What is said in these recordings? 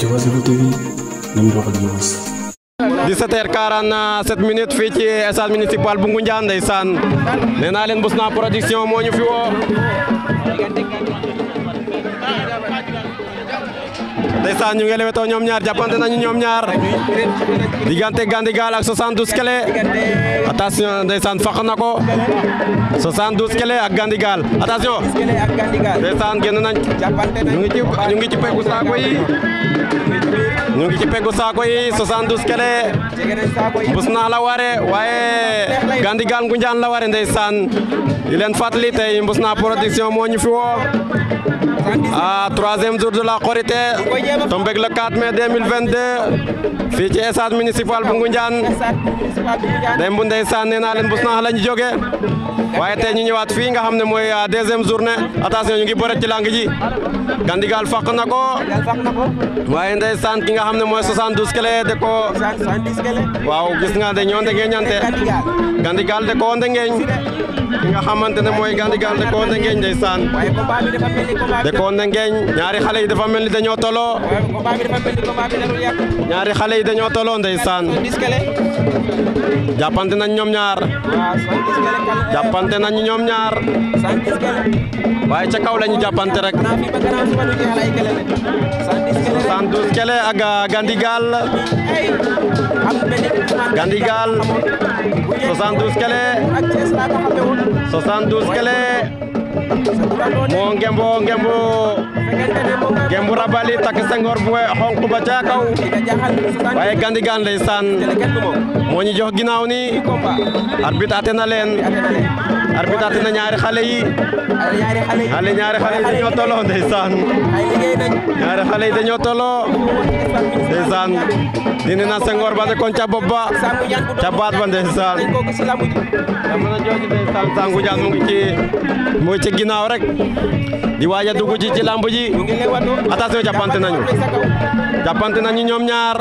Дівазі ВТВ, Немірова Дівазі. 17 h minutes fii ci stade municipal bu Ngoundiane saan nee naa leen Bousnaf production moo ñu fi woo ndeysaan ñu ngi lewetoo ñoom ñaar jàppante nañu ñoom ñaar diggante Gandigal ak 72 Kélé attention ndeysaan faq na ko 72 Kélé ak Gandigal attention ndeysaan génn nañ ñu ngi ci ñu ngi peggu saako yi ñu ngi ci peggu saako yi 72 Kélé mbus naa la ware waaye Gandigal Ngunjaan la ware ndeysaan di leen fàttali tey mbus naa production moo ñu fi woo ah troisième jour de la Korité tombek le 4 mai 2022 fi ci stade municipal bu ngundian dem bu nee naa leen bus naa lañu jóge waye tey ñu ñëwaat fi nga xam moy mooy deuxième journée attention ñu ngi bëre ci langue ji Gandigal fàq na ko waaye ndeysaan ki nga xam moy mooy 72 kele de ko waaw gis nga de ñoo ñanté Gandigal de ko ndegeñ ki nga xamantene moy mooy Gandigal de ko ndegeñ ndeysaan de ko ndegeñ ñaari xalé yi dafa melni ni dañoo toloo ñaari xale yi dañoo tolloo ndeysaan jàppante nañ ñoom ñaar jàppante nañu ñoom ñaar waaye ca kaw lañu jàppante rek 72 kele ak euh, Gandigal Gandigal 72 kele 72 kele moo ngembo rabali takk sangoor bu xonq ba ca kaw waaye gandigaan ndeysaan moo ñu jox ginnaaw ni arbitre ate na arbitre àtte na ñaari xale yi xale ñaari xale yi dañoo tolloo ndeysaan ñaari xale yi dañoo tolloo ndeysaan dindi na Senghor ba nekkoon ca bopp ba ca baat ba ndeysaan jamono mu ci mu ci ginnaaw rek di waaj a dugg ci ci lamb ji attention jàppante nañu jàppante nañu ñoom ñaar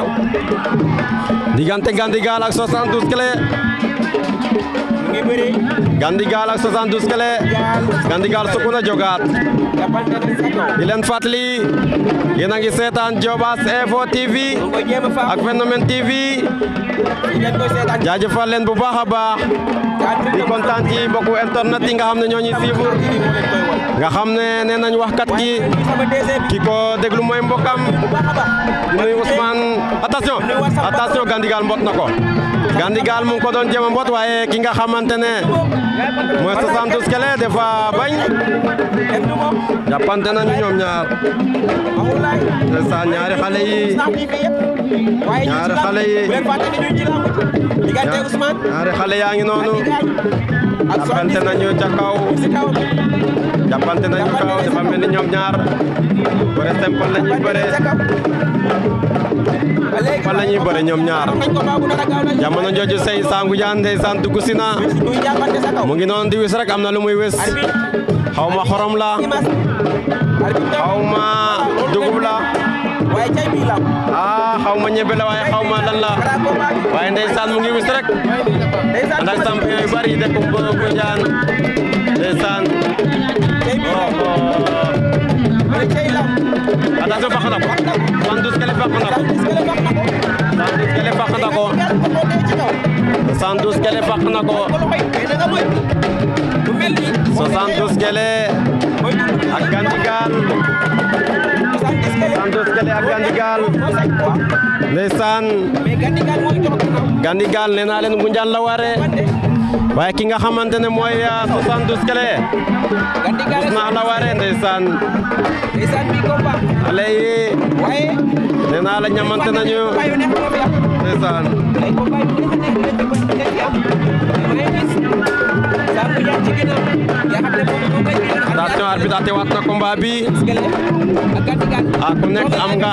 diggante Gandigal ak 72 clé Gandigal ak 72 Kele Gandigal sukk na jogaat di leen fàttali yéen a ngi seetaan Diobass Info TV ak Phénomène TV jaajëfal leen bu baax a di content ci bokku internet yi nga xamne ñoo ñi sibu nga xamne neen nañ wax kat ki ki ko deglu moy mbokam nuyu ousmane attention attention gandigal mbot nako gandigal mu ko don jema mbot waye ki nga xamantene moy 72 kele des fois bañ jàppante nañu ñoom ñaar ndeysaan ñaari xale yi ñaari xale yi ñaari xale yaa ngi noonu jàppante nañu ca kaw jàppante nañu kaw dafa mel ni ñoom ñaar bëre simple la ñuy bëre fan la ñuy bëre ñoom ñaar jamono jooju sey Sa Ngoudiane ndeysaan dugg si na mu ngi noonu di wis rek am na lu muy wis xaw ma xorom la xaw ma dugub la ah xaw ma ñebe la waaye xaw ma lan la waaye ndeysaan mu ngi wis rek ànd ak champion yu bari dëkk bu Ngoudiane attention fàq na ko Santus Kele fàq na ko Santus Kele fàq na ko Santus Kele fàq na ko so Santus Kele Gandigal Santus Kele ak Gandigal ndeysaan Gandigal nee naa leen Ngunjaan la waree waaye ki nga xamante ne mooy 72 euh, kele gis naa la waree ndeysaan xale yi nee la ñamante nañu ndeysaan attention arbitre ate waat na combat bi ah am nga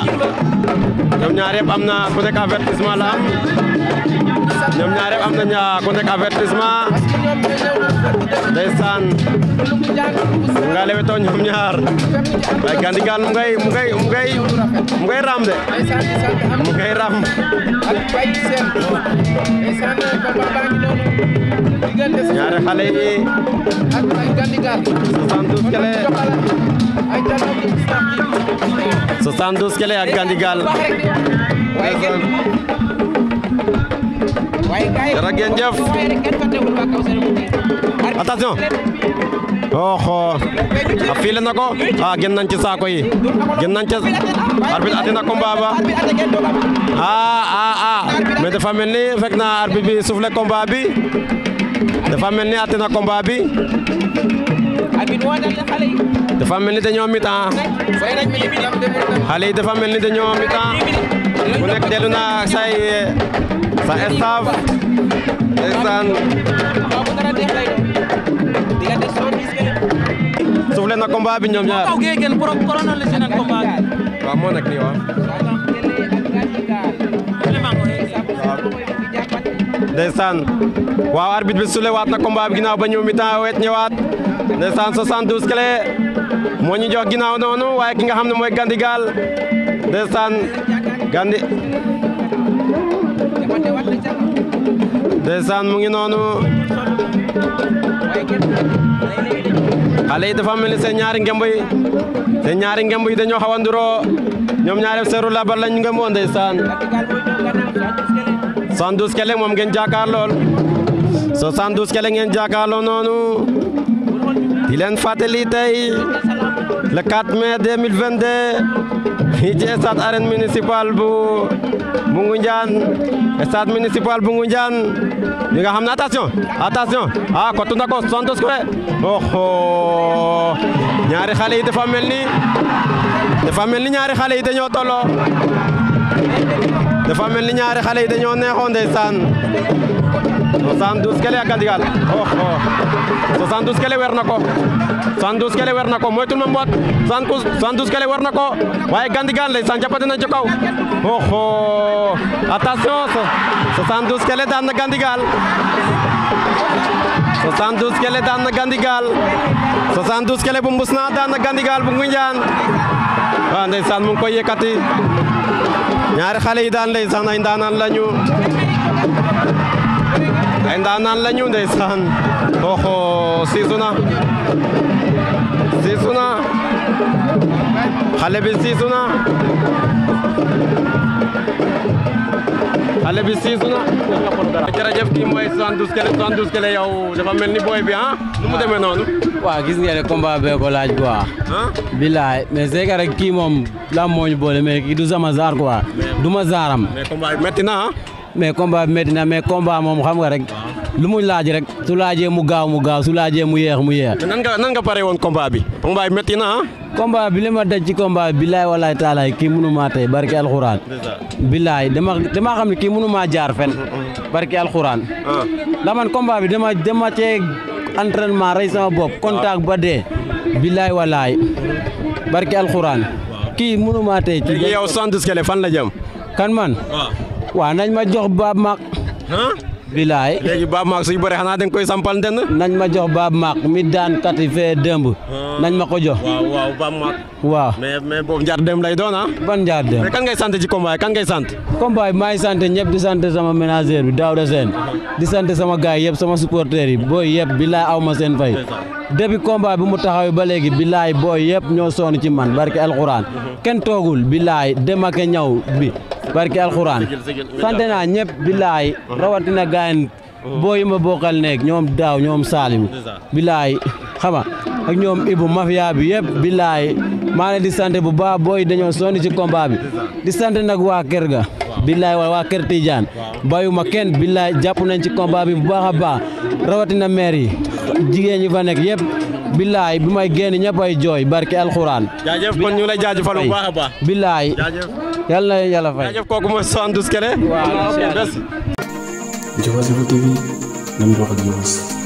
ñoom ñaar yëpp am na ku nekk avertissement am ñoom ñaar am nañ ah, ku nekk avertissement ndeysaan mu nga lewetoo ñoom ñaar waaye gandigaan mu ngay mu ngay mu ngay mu ngay ram de mu ngay ram ñaari xale yi soixante-douze kele soixante-douze kele ak gandigaan jërë ngeen jëf attention oxo ah, a ko a ah, gen nañ ci saako yi gen nañ ci arbitre ati na combat ba a a a dafa mel ni fekk na arbitre bi soufflé combat bi dafa mel ni ati na combat bi mel ni dañoo mi-temps xale yi dafa mel ni dañoo mi-temps ku dellu na say ba instant na combat bi ñoom ñaar waaw moo nekk waaw ndeysaan bi soufflé waat na combat ginaaw ba ñu mi-temps wet ñëwaat ndeysaan 72 Clé moo ñu jox ginnaaw noonu waaye ki nga xam ne mooy Gandigal ndeysaan Gandi ndeysaan mu ngi noonu xale yi dafa mel ni seen ñaari ngemb seen ñaari ngemb yi dañoo xaw a nduroo ñoom ñaari seeru labar lañ ngemoo ndeysaan 72 keleng moom ngeen jàkkaar lool 72 keleng ngeen jàkkaar lool noonu di leen fàttali le 4 mai 2022 fii ci stade arène municipal bu bu Ngoundiane stade municipal bu Ngoundiane ñi nga xam ne attention attention ah kottu na ko santos ko oho ñaari xale yi dafa mel ni dafa mel ni ñaari xale yi dañoo tolloo dafa mel ni ñaari xale yi dañoo neexoon ndeysaan 72 kele ak Gandigal oh oh 72 kele weer na ko 72 kele weer na ko moytul ma mboot 72 ko waaye Gandigal ndeysaan jàppante na ci kaw oh oh attention 72 kele daan na Gandigal 72 kele daan na bu mbus daan na Gandigal bu Ngunjaan waaw ah, ndeysaan mu ngi koy ñaari xale yi daal ndeysaan ay ndaanaan lañu ay ndaanaan lañu ndeysaan oxo siisu na siisu na xale bi siisu na xale bi siisu na jërëjëf kii mooy 72 kele 72 kele yow dafa mel ni booy bi ah nu mu demee noonu waaw gis ngeen ne combat bee ko laaj quoi bilaay mais c'est que rek kii moom la mooñu boole mais kii du sama zaar quoi du ma zaaram mais combat bi métti na ah mais combat bi mais combat moom xam nga rek ah. lu mu laaj rek su laajee mu gaaw mu gaaw su laajee mu yeex mu yeex. nan nga nan nga pare woon combat bi. combat bi métti na ah. combat bi li ma daj ci combat bi billaay walaay taalaay kii mënumaa tey barki alxuraan. billaay dama dama xam ne kii ma jaar fen mm, mm, mm. barki alxuraan. Ah. ndax man combat bi dama dama cee entraînement rey sama bopp contact ba dee. billaay walaay barki alxuraan. kii mënumaa tey. ci yow Sans Doute Kélé fan la jëm. kan man. Ah. waaw nañ ma jox baab mak bilaay léegi baab maak suy bëree xanaa da nga koy sampal ndenn nañ ma jox baab maak mi daan kati fee démb ah. nañ ma ko jox waaw waaw maak waaw mais boobu njaar dem lay doon ah ban njaar dem mais kan ngay sant ci combat kan ngay sant combat yi maa ngi sant ñëpp di sant sama ménagère bi Daouda Sène di sant sama gars yi yëpp sama supporters yi booy yëpp bilaay aw ma seen fay depuis combat bi mu taxawee ba léegi bilaay booy yëpp ñoo sonn ci man barke alxuraan mhm. kenn toogul barki alxuraan sant naa ñëpp billaay uh-huh. rawatina gaayen boo yi ma bokkal nekk ñoom daaw ñoom saalim billaay xama ak ñoom ibu mafia bi yëpp billaay maa ne di sant bu baax booy dañoo sonni ci combat bi di sant nag waa kër ga wa waa kër Tidiane bayuma kenn billaay jàpp nañ ci combat bi bu baax a baax rawatina maire yi jigéen ñi fa nekk yëpp billaay bi may génn ñëpp jooy barki alxuraan jaajëf kon ñu lay jaajëfal bu baax a yàlla na yàlla fay. jaajëf kooku mooy 72 Kélé. waaw merci. Diobass Info TV nañu wax ak Diobass.